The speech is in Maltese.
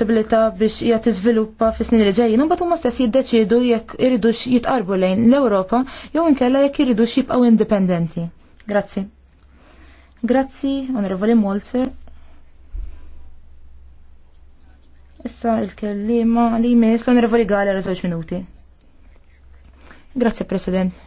possibilità biex hija tiżviluppa fis-snin li ġejjin, imbagħad huma stess jiddeċiedu jekk iridux jitqarbu lejn l-Ewropa jew inkella jekk irridux jibqgħu indipendenti. Grazzi. Grazzi, Onorevoli Molzer. Issa il-kellima li jmiss l-Onorevoli Gala żewġ minuti. Grazzi, President.